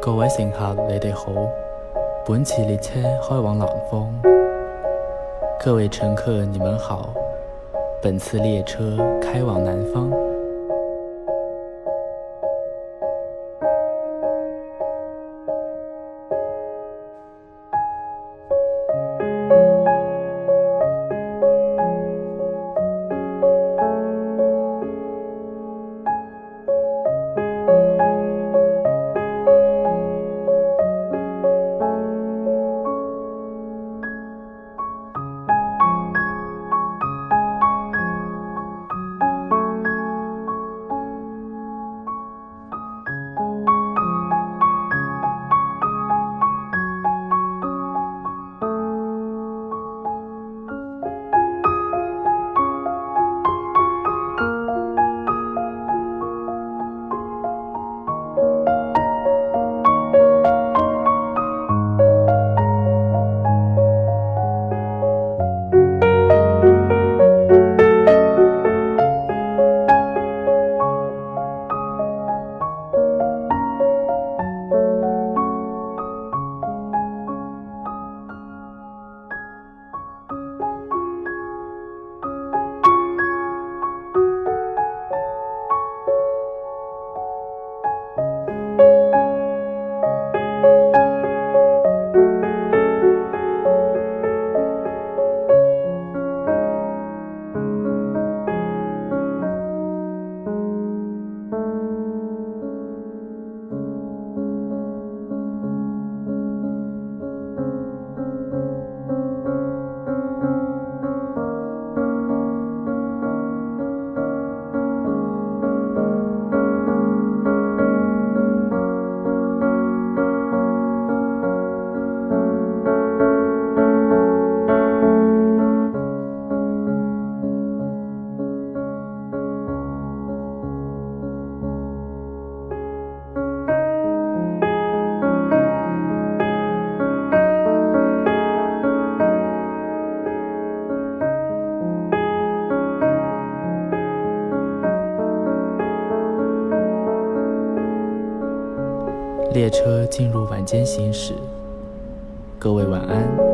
各位乘客，你哋好。本次列車開往南方。各位乘客，你們好。本次列車開往南方。列車進入晚間行駛，各位晚安。